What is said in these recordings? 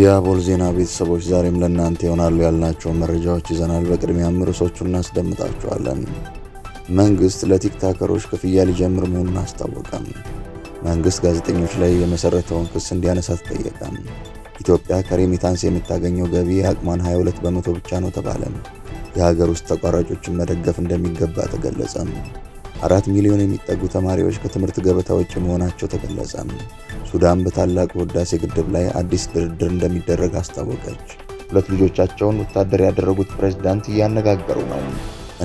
የአቦል ዜና ቤተሰቦች ዛሬም ለእናንተ ይሆናሉ ያልናቸውን መረጃዎች ይዘናል። በቅድሚያም ርዕሶቹ እናስደምጣቸዋለን። መንግስት ለቲክታከሮች ክፍያ ሊጀምር መሆኑን አስታወቀም። መንግስት ጋዜጠኞች ላይ የመሰረተውን ክስ እንዲያነሳ ተጠየቀም። ኢትዮጵያ ከሬሚታንስ የምታገኘው ገቢ አቅሟን 22 በመቶ ብቻ ነው ተባለም። የሀገር ውስጥ ተቋራጮችን መደገፍ እንደሚገባ ተገለጸም። አራት ሚሊዮን የሚጠጉ ተማሪዎች ከትምህርት ገበታ ውጭ መሆናቸው ተገለጸ። ሱዳን በታላቁ ህዳሴ ግድብ ላይ አዲስ ድርድር እንደሚደረግ አስታወቀች። ሁለት ልጆቻቸውን ወታደር ያደረጉት ፕሬዝዳንት እያነጋገሩ ነው።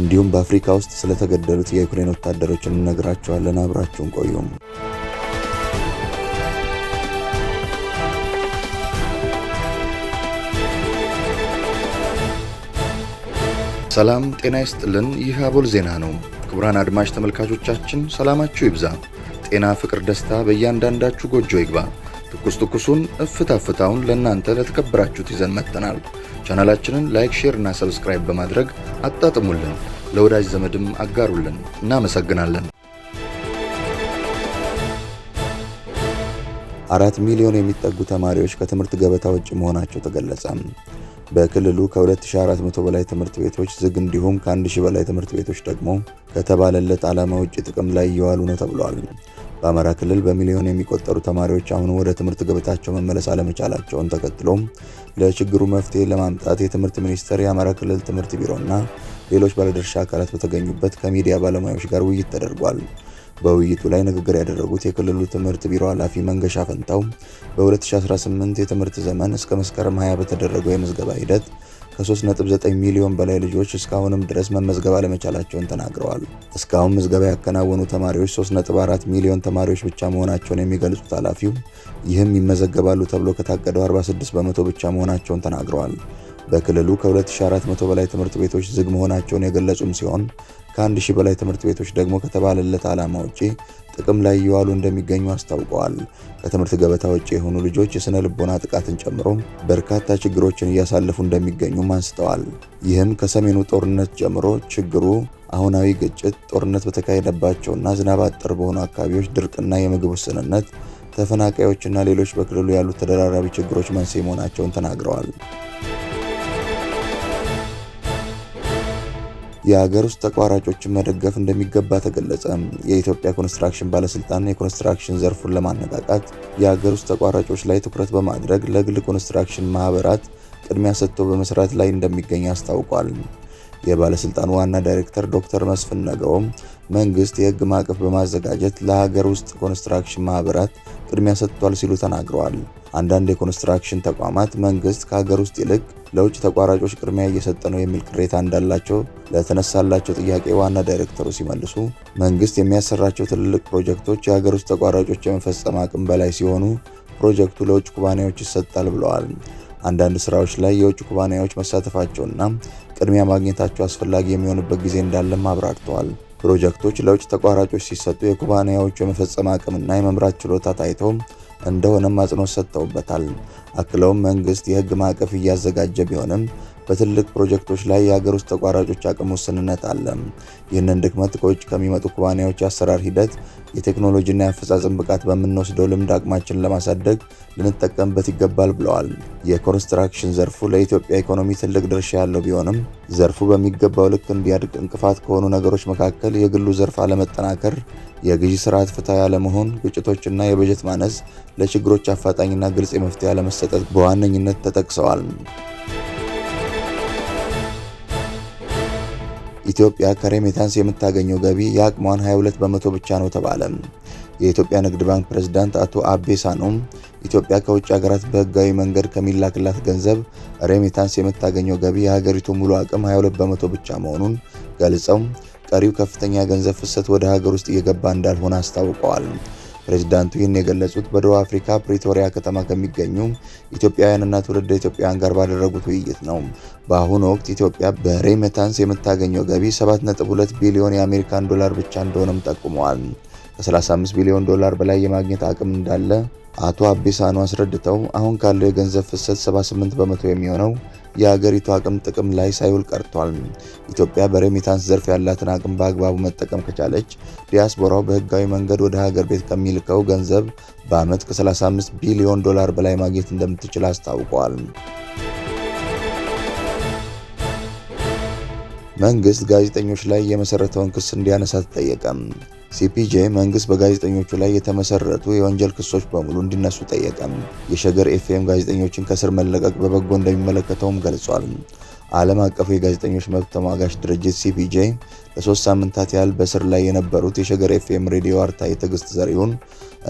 እንዲሁም በአፍሪካ ውስጥ ስለተገደሉት የዩክሬን ወታደሮች እንነግራቸዋለን። አብራችሁን ቆዩም። ሰላም ጤና ይስጥልን። ይህ አቦል ዜና ነው። ክቡራን አድማጭ ተመልካቾቻችን ሰላማችሁ ይብዛ፣ ጤና፣ ፍቅር፣ ደስታ በእያንዳንዳችሁ ጎጆ ይግባ። ትኩስ ትኩሱን እፍታ ፍታውን ለእናንተ ለተከበራችሁት ይዘን መጥተናል። ቻናላችንን ላይክ፣ ሼር እና ሰብስክራይብ በማድረግ አጣጥሙልን፣ ለወዳጅ ዘመድም አጋሩልን። እናመሰግናለን። አራት ሚሊዮን የሚጠጉ ተማሪዎች ከትምህርት ገበታ ውጭ መሆናቸው ተገለጸ። በክልሉ ከ2400 በላይ ትምህርት ቤቶች ዝግ እንዲሁም ከ1000 በላይ ትምህርት ቤቶች ደግሞ ከተባለለት ዓላማ ውጭ ጥቅም ላይ እየዋሉ ነው ተብሏል። በአማራ ክልል በሚሊዮን የሚቆጠሩ ተማሪዎች አሁን ወደ ትምህርት ገበታቸው መመለስ አለመቻላቸውን ተከትሎ ለችግሩ መፍትሄ ለማምጣት የትምህርት ሚኒስቴር፣ የአማራ ክልል ትምህርት ቢሮና ሌሎች ባለድርሻ አካላት በተገኙበት ከሚዲያ ባለሙያዎች ጋር ውይይት ተደርጓል። በውይይቱ ላይ ንግግር ያደረጉት የክልሉ ትምህርት ቢሮ ኃላፊ መንገሻ ፈንታው በ2018 የትምህርት ዘመን እስከ መስከረም 20 በተደረገው የምዝገባ ሂደት ከ3.9 ሚሊዮን በላይ ልጆች እስካሁንም ድረስ መመዝገብ አለመቻላቸውን ተናግረዋል። እስካሁን ምዝገባ ያከናወኑ ተማሪዎች 3.4 ሚሊዮን ተማሪዎች ብቻ መሆናቸውን የሚገልጹት ኃላፊው ይህም ይመዘገባሉ ተብሎ ከታቀደው 46 በመቶ ብቻ መሆናቸውን ተናግረዋል። በክልሉ ከ2400 በላይ ትምህርት ቤቶች ዝግ መሆናቸውን የገለጹም ሲሆን ከአንድ ሺህ በላይ ትምህርት ቤቶች ደግሞ ከተባለለት ዓላማ ውጪ ጥቅም ላይ እየዋሉ እንደሚገኙ አስታውቀዋል። ከትምህርት ገበታ ውጪ የሆኑ ልጆች የሥነ ልቦና ጥቃትን ጨምሮ በርካታ ችግሮችን እያሳለፉ እንደሚገኙም አንስተዋል። ይህም ከሰሜኑ ጦርነት ጀምሮ ችግሩ አሁናዊ ግጭት፣ ጦርነት በተካሄደባቸውና ዝናብ አጠር በሆኑ አካባቢዎች ድርቅና የምግብ ውስንነት፣ ተፈናቃዮችና ሌሎች በክልሉ ያሉት ተደራራቢ ችግሮች መንስኤ መሆናቸውን ተናግረዋል። የሀገር ውስጥ ተቋራጮችን መደገፍ እንደሚገባ ተገለጸ። የኢትዮጵያ ኮንስትራክሽን ባለስልጣን የኮንስትራክሽን ዘርፉን ለማነቃቃት የሀገር ውስጥ ተቋራጮች ላይ ትኩረት በማድረግ ለግል ኮንስትራክሽን ማህበራት ቅድሚያ ሰጥቶ በመስራት ላይ እንደሚገኝ አስታውቋል። የባለስልጣኑ ዋና ዳይሬክተር ዶክተር መስፍን ነገውም መንግስት የህግ ማዕቀፍ በማዘጋጀት ለሀገር ውስጥ ኮንስትራክሽን ማህበራት ቅድሚያ ሰጥቷል ሲሉ ተናግረዋል። አንዳንድ የኮንስትራክሽን ተቋማት መንግስት ከሀገር ውስጥ ይልቅ ለውጭ ተቋራጮች ቅድሚያ እየሰጠ ነው የሚል ቅሬታ እንዳላቸው ለተነሳላቸው ጥያቄ ዋና ዳይሬክተሩ ሲመልሱ መንግስት የሚያሰራቸው ትልልቅ ፕሮጀክቶች የሀገር ውስጥ ተቋራጮች የመፈጸም አቅም በላይ ሲሆኑ ፕሮጀክቱ ለውጭ ኩባንያዎች ይሰጣል ብለዋል። አንዳንድ ስራዎች ላይ የውጭ ኩባንያዎች መሳተፋቸውና ቅድሚያ ማግኘታቸው አስፈላጊ የሚሆንበት ጊዜ እንዳለም አብራርተዋል። ፕሮጀክቶች ለውጭ ተቋራጮች ሲሰጡ የኩባንያዎቹ የመፈጸም አቅምና የመምራት ችሎታ ታይቶ እንደሆነም አጽንኦት ሰጥተውበታል። አክለውም መንግስት የህግ ማዕቀፍ እያዘጋጀ ቢሆንም በትልቅ ፕሮጀክቶች ላይ የሀገር ውስጥ ተቋራጮች አቅም ውስንነት አለ። ይህንን ድክመት ከውጭ ከሚመጡ ኩባንያዎች የአሰራር ሂደት፣ የቴክኖሎጂና የአፈጻጸም ብቃት በምንወስደው ልምድ አቅማችን ለማሳደግ ልንጠቀምበት ይገባል ብለዋል። የኮንስትራክሽን ዘርፉ ለኢትዮጵያ ኢኮኖሚ ትልቅ ድርሻ ያለው ቢሆንም ዘርፉ በሚገባው ልክ እንዲያድግ እንቅፋት ከሆኑ ነገሮች መካከል የግሉ ዘርፍ አለመጠናከር፣ የግዢ ስርዓት ፍትሐዊ አለመሆን፣ ግጭቶችና የበጀት ማነስ ለችግሮች አፋጣኝና ግልጽ መፍትሄ አለመሰጠት በዋነኝነት ተጠቅሰዋል። ኢትዮጵያ ከሬሜታንስ የምታገኘው ገቢ የአቅሟን 22 በመቶ ብቻ ነው ተባለ። የኢትዮጵያ ንግድ ባንክ ፕሬዝዳንት አቶ አቤ ሳኖም ኢትዮጵያ ከውጭ ሀገራት በህጋዊ መንገድ ከሚላክላት ገንዘብ ሬሜታንስ የምታገኘው ገቢ የሀገሪቱ ሙሉ አቅም 22 በመቶ ብቻ መሆኑን ገልጸው ቀሪው ከፍተኛ የገንዘብ ፍሰት ወደ ሀገር ውስጥ እየገባ እንዳልሆነ አስታውቀዋል። ፕሬዚዳንቱ ይህን የገለጹት በደቡብ አፍሪካ ፕሪቶሪያ ከተማ ከሚገኙ ኢትዮጵያውያንና ትውልደ ኢትዮጵያውያን ጋር ባደረጉት ውይይት ነው። በአሁኑ ወቅት ኢትዮጵያ በሬሜታንስ የምታገኘው ገቢ 7.2 ቢሊዮን የአሜሪካን ዶላር ብቻ እንደሆነም ጠቁመዋል። ከ35 ቢሊዮን ዶላር በላይ የማግኘት አቅም እንዳለ አቶ አቢሳኑ አስረድተው አሁን ካለው የገንዘብ ፍሰት 78 በመቶ የሚሆነው የሀገሪቱ አቅም ጥቅም ላይ ሳይውል ቀርቷል። ኢትዮጵያ በሬሚታንስ ዘርፍ ያላትን አቅም በአግባቡ መጠቀም ከቻለች ዲያስፖራው በህጋዊ መንገድ ወደ ሀገር ቤት ከሚልከው ገንዘብ በዓመት ከ35 ቢሊዮን ዶላር በላይ ማግኘት እንደምትችል አስታውቀዋል። መንግስት ጋዜጠኞች ላይ የመሰረተውን ክስ እንዲያነሳ ተጠየቀ። ሲፒጄ መንግስት በጋዜጠኞቹ ላይ የተመሰረቱ የወንጀል ክሶች በሙሉ እንዲነሱ ጠየቀ። የሸገር ኤፍኤም ጋዜጠኞችን ከስር መለቀቅ በበጎ እንደሚመለከተውም ገልጿል። ዓለም አቀፉ የጋዜጠኞች መብት ተሟጋች ድርጅት ሲፒጄ ለሶስት ሳምንታት ያህል በስር ላይ የነበሩት የሸገር ኤፍኤም ሬዲዮ አርታኢ ትዕግስት ዘሪሁን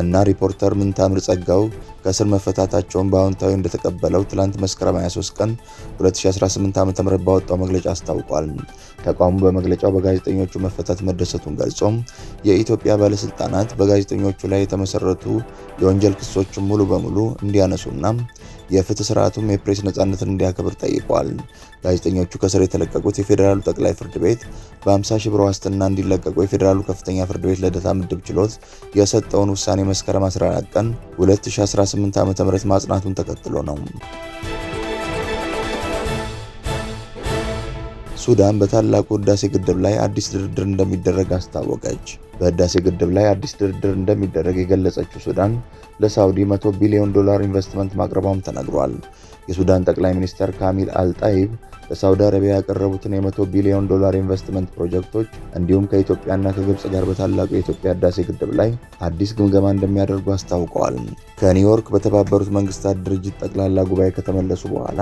እና ሪፖርተር ምንታምር ጸጋው ከስር መፈታታቸውን በአዎንታዊ እንደተቀበለው ትላንት መስከረም 23 ቀን 2018 ዓ ም ባወጣው መግለጫ አስታውቋል። ተቋሙ በመግለጫው በጋዜጠኞቹ መፈታት መደሰቱን ገልጾም የኢትዮጵያ ባለስልጣናት በጋዜጠኞቹ ላይ የተመሰረቱ የወንጀል ክሶችን ሙሉ በሙሉ እንዲያነሱና የፍትህ ስርዓቱም የፕሬስ ነፃነትን እንዲያከብር ጠይቋል። ጋዜጠኞቹ ከስር የተለቀቁት የፌዴራሉ ጠቅላይ ፍርድ ቤት በ50 ሺህ ብር ዋስትና እንዲለቀቁ የፌዴራሉ ከፍተኛ ፍርድ ቤት ልደታ ምድብ ችሎት የሰጠውን ውሳኔ መስከረም 14 ቀን 2018 ዓ ም ማጽናቱን ተከትሎ ነው። ሱዳን በታላቁ ህዳሴ ግድብ ላይ አዲስ ድርድር እንደሚደረግ አስታወቀች። በህዳሴ ግድብ ላይ አዲስ ድርድር እንደሚደረግ የገለጸችው ሱዳን ለሳውዲ 100 ቢሊዮን ዶላር ኢንቨስትመንት ማቅረቧም ተነግሯል። የሱዳን ጠቅላይ ሚኒስትር ካሚል አልጣይብ ለሳውዲ አረቢያ ያቀረቡትን የ100 ቢሊዮን ዶላር ኢንቨስትመንት ፕሮጀክቶች እንዲሁም ከኢትዮጵያና ከግብፅ ጋር በታላቁ የኢትዮጵያ ህዳሴ ግድብ ላይ አዲስ ግምገማ እንደሚያደርጉ አስታውቀዋል። ከኒውዮርክ በተባበሩት መንግስታት ድርጅት ጠቅላላ ጉባኤ ከተመለሱ በኋላ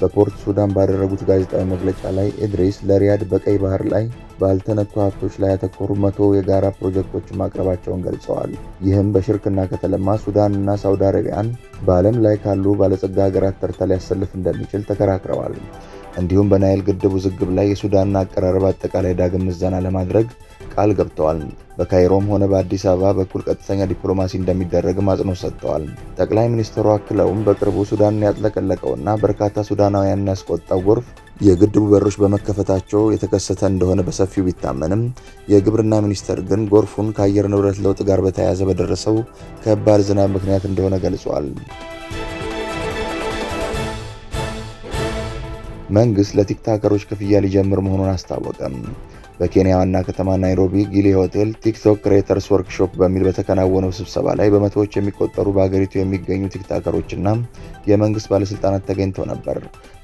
በፖርት ሱዳን ባደረጉት ጋዜጣዊ መግለጫ ላይ ኤድሬስ ለሪያድ በቀይ ባህር ላይ ባልተነኩ ሀብቶች ላይ ያተኮሩ መቶ የጋራ ፕሮጀክቶችን ማቅረባቸውን ገልጸዋል። ይህም በሽርክና ከተለማ ሱዳንና ሳውዲ አረቢያን በዓለም ላይ ካሉ ባለጸጋ ሀገራት ተርታ ሊያሰልፍ እንደሚችል ተከራክረዋል። እንዲሁም በናይል ግድብ ውዝግብ ላይ የሱዳንን አቀራረብ አጠቃላይ ዳግም ምዘና ለማድረግ ቃል ገብተዋል። በካይሮም ሆነ በአዲስ አበባ በኩል ቀጥተኛ ዲፕሎማሲ እንደሚደረግም አጽንኦት ሰጥተዋል። ጠቅላይ ሚኒስትሩ አክለውም በቅርቡ ሱዳንን ያጥለቀለቀውና በርካታ ሱዳናውያንን ያስቆጣው ጎርፍ የግድቡ በሮች በመከፈታቸው የተከሰተ እንደሆነ በሰፊው ቢታመንም የግብርና ሚኒስቴር ግን ጎርፉን ከአየር ንብረት ለውጥ ጋር በተያያዘ በደረሰው ከባድ ዝናብ ምክንያት እንደሆነ ገልጿል። መንግስት ለቲክታከሮች ክፍያ ሊጀምር መሆኑን አስታወቀም። በኬንያ ዋና ከተማ ናይሮቢ ጊሌ ሆቴል ቲክቶክ ክሬተርስ ወርክሾፕ በሚል በተከናወነው ስብሰባ ላይ በመቶዎች የሚቆጠሩ በሀገሪቱ የሚገኙ ቲክቶከሮችና የመንግስት ባለስልጣናት ተገኝተው ነበር።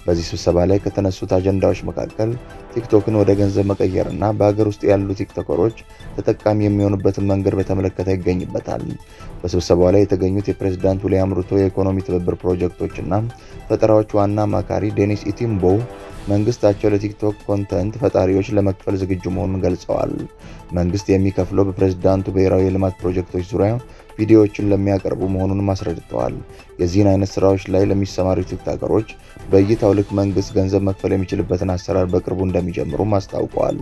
በዚህ ስብሰባ ላይ ከተነሱት አጀንዳዎች መካከል ቲክቶክን ወደ ገንዘብ መቀየርና በሀገር ውስጥ ያሉ ቲክቶከሮች ተጠቃሚ የሚሆኑበትን መንገድ በተመለከተ ይገኝበታል። በስብሰባው ላይ የተገኙት የፕሬዝዳንት ዊልያም ሩቶ የኢኮኖሚ ትብብር ፕሮጀክቶችና ፈጠራዎች ዋና አማካሪ ዴኒስ ኢቲምቦ መንግስታቸው ለቲክቶክ ኮንተንት ፈጣሪዎች ለመክፈል ዝግጁ ዝግጁ መሆኑን ገልጸዋል። መንግስት የሚከፍለው በፕሬዝዳንቱ ብሔራዊ የልማት ፕሮጀክቶች ዙሪያ ቪዲዮዎችን ለሚያቀርቡ መሆኑንም አስረድተዋል። የዚህን አይነት ስራዎች ላይ ለሚሰማሩ ቲክቶከሮች በእይታው ልክ መንግስት ገንዘብ መክፈል የሚችልበትን አሰራር በቅርቡ እንደሚጀምሩም አስታውቀዋል።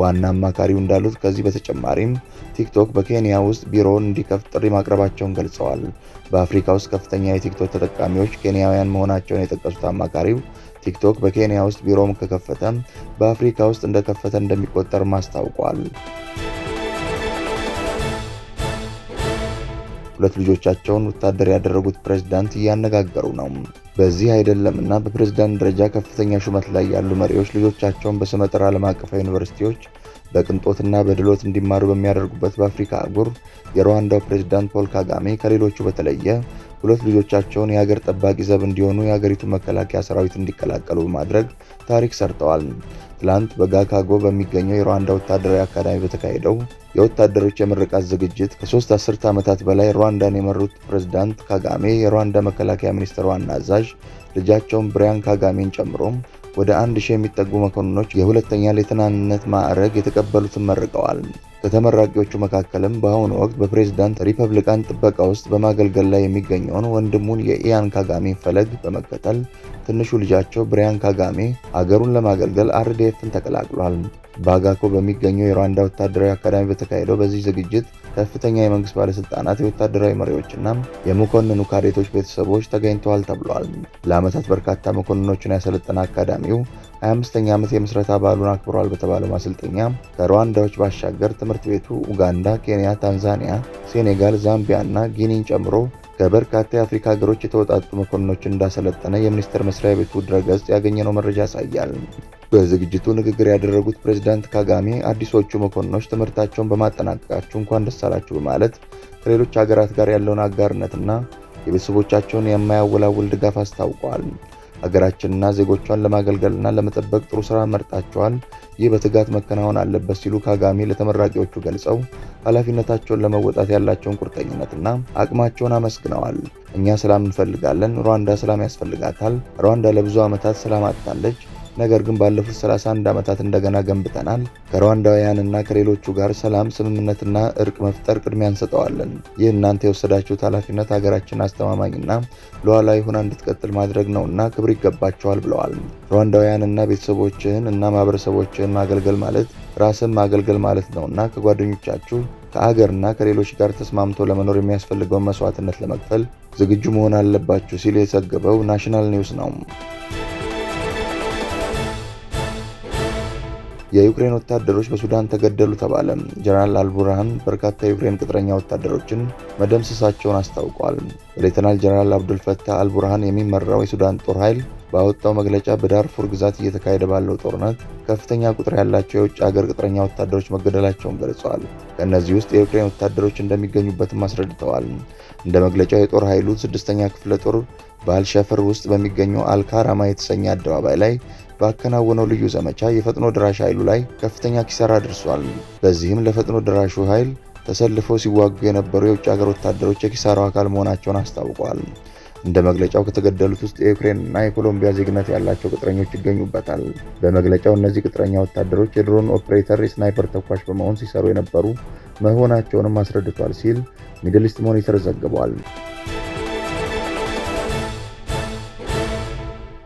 ዋና አማካሪው እንዳሉት ከዚህ በተጨማሪም ቲክቶክ በኬንያ ውስጥ ቢሮውን እንዲከፍት ጥሪ ማቅረባቸውን ገልጸዋል። በአፍሪካ ውስጥ ከፍተኛ የቲክቶክ ተጠቃሚዎች ኬንያውያን መሆናቸውን የጠቀሱት አማካሪው ቲክቶክ በኬንያ ውስጥ ቢሮውን ከከፈተ በአፍሪካ ውስጥ እንደከፈተ እንደሚቆጠር ማስታውቋል። ሁለት ልጆቻቸውን ወታደር ያደረጉት ፕሬዝዳንት እያነጋገሩ ነው። በዚህ አይደለም እና በፕሬዝዳንት ደረጃ ከፍተኛ ሹመት ላይ ያሉ መሪዎች ልጆቻቸውን በስመጥር ዓለም አቀፋዊ ዩኒቨርሲቲዎች በቅንጦትና በድሎት እንዲማሩ በሚያደርጉበት በአፍሪካ አህጉር የሩዋንዳው ፕሬዝዳንት ፖል ካጋሜ ከሌሎቹ በተለየ ሁለት ልጆቻቸውን የሀገር ጠባቂ ዘብ እንዲሆኑ የሀገሪቱ መከላከያ ሰራዊት እንዲቀላቀሉ በማድረግ ታሪክ ሰርተዋል። ትላንት በጋካጎ በሚገኘው የሩዋንዳ ወታደራዊ አካዳሚ በተካሄደው የወታደሮች የምርቃት ዝግጅት ከሶስት 10 ዓመታት በላይ ሩዋንዳን የመሩት ፕሬዝዳንት ካጋሜ የሩዋንዳ መከላከያ ሚኒስቴር ዋና አዛዥ ልጃቸውን ብሪያን ካጋሜን ጨምሮ ወደ አንድ ሺህ የሚጠጉ መኮንኖች የሁለተኛ ሌትናንነት ማዕረግ የተቀበሉትን መርቀዋል። ከተመራቂዎቹ መካከልም በአሁኑ ወቅት በፕሬዝዳንት ሪፐብሊካን ጥበቃ ውስጥ በማገልገል ላይ የሚገኘውን ወንድሙን የኢያን ካጋሜን ፈለግ በመከተል ትንሹ ልጃቸው ብሪያን ካጋሜ አገሩን ለማገልገል አርዲኤፍን ተቀላቅሏል። ባጋኮ በሚገኘው የሩዋንዳ ወታደራዊ አካዳሚ በተካሄደው በዚህ ዝግጅት ከፍተኛ የመንግስት ባለስልጣናት፣ የወታደራዊ መሪዎችና የመኮንኑ ካዴቶች ቤተሰቦች ተገኝተዋል ተብሏል። ለዓመታት በርካታ መኮንኖችን ያሰለጠነ አካዳሚው 25ኛ ዓመት የምስረታ በዓሉን አክብሯል በተባለው ማሰልጠኛ ከሩዋንዳዎች ባሻገር ትምህርት ቤቱ ኡጋንዳ፣ ኬንያ፣ ታንዛኒያ፣ ሴኔጋል፣ ዛምቢያ እና ጊኒን ጨምሮ ከበርካታ የአፍሪካ ሀገሮች የተወጣጡ መኮንኖችን እንዳሰለጠነ የሚኒስቴር መስሪያ ቤቱ ድረገጽ ያገኘነው መረጃ ያሳያል። በዝግጅቱ ንግግር ያደረጉት ፕሬዚዳንት ካጋሜ አዲሶቹ መኮንኖች ትምህርታቸውን በማጠናቀቃቸው እንኳን ደስ አላችሁ በማለት ከሌሎች ሀገራት ጋር ያለውን አጋርነትና የቤተሰቦቻቸውን የማያወላውል ድጋፍ አስታውቀዋል። ሀገራችንና ዜጎቿን ለማገልገልና ለመጠበቅ ጥሩ ስራ መርጣቸዋል። ይህ በትጋት መከናወን አለበት ሲሉ ካጋሜ ለተመራቂዎቹ ገልጸው ኃላፊነታቸውን ለመወጣት ያላቸውን ቁርጠኝነትና አቅማቸውን አመስግነዋል። እኛ ሰላም እንፈልጋለን፣ ሩዋንዳ ሰላም ያስፈልጋታል። ሩዋንዳ ለብዙ ዓመታት ሰላም አጥታለች። ነገር ግን ባለፉት 31 ዓመታት እንደገና ገንብተናል። ከሩዋንዳውያንና ከሌሎቹ ጋር ሰላም፣ ስምምነትና እርቅ መፍጠር ቅድሚያ እንሰጠዋለን። ይህ እናንተ የወሰዳችሁት ኃላፊነት ሀገራችን አስተማማኝና ሉዓላዊ ሆና እንድትቀጥል ማድረግ ነውና ክብር ይገባቸዋል ብለዋል። ሩዋንዳውያንና ቤተሰቦችህን እና ማህበረሰቦችህን ማገልገል ማለት ራስን ማገልገል ማለት ነውና ከጓደኞቻችሁ ከአገርና ከሌሎች ጋር ተስማምቶ ለመኖር የሚያስፈልገውን መስዋዕትነት ለመክፈል ዝግጁ መሆን አለባችሁ ሲል የዘገበው ናሽናል ኒውስ ነው። የዩክሬን ወታደሮች በሱዳን ተገደሉ ተባለ። ጀነራል አልቡርሃን በርካታ የዩክሬን ቅጥረኛ ወታደሮችን መደምሰሳቸውን አስታውቋል። ሌተናል ጀነራል አብዱልፈታ አልቡርሃን የሚመራው የሱዳን ጦር ኃይል ባወጣው መግለጫ በዳርፉር ግዛት እየተካሄደ ባለው ጦርነት ከፍተኛ ቁጥር ያላቸው የውጭ ሀገር ቅጥረኛ ወታደሮች መገደላቸውን ገልጸዋል። ከእነዚህ ውስጥ የዩክሬን ወታደሮች እንደሚገኙበትም አስረድተዋል። እንደ መግለጫው የጦር ኃይሉ ስድስተኛ ክፍለ ጦር ባልሸፍር ውስጥ በሚገኘው አልካራማ የተሰኘ አደባባይ ላይ ባከናወነው ልዩ ዘመቻ የፈጥኖ ድራሽ ኃይሉ ላይ ከፍተኛ ኪሳራ ደርሷል። በዚህም ለፈጥኖ ድራሹ ኃይል ተሰልፈው ሲዋጉ የነበሩ የውጭ ሀገር ወታደሮች የኪሳራው አካል መሆናቸውን አስታውቋል። እንደ መግለጫው ከተገደሉት ውስጥ እና የኮሎምቢያ ዜግነት ያላቸው ቅጥረኞች ይገኙበታል። በመግለጫው እነዚህ ቅጥረኛ ወታደሮች የድሮን ኦፕሬተር፣ የስናይፐር ተኳሽ በመሆን ሲሰሩ የነበሩ መሆናቸውንም አስረድቷል ሲል ሚድል ኢስት ሞኒተር ዘግቧል።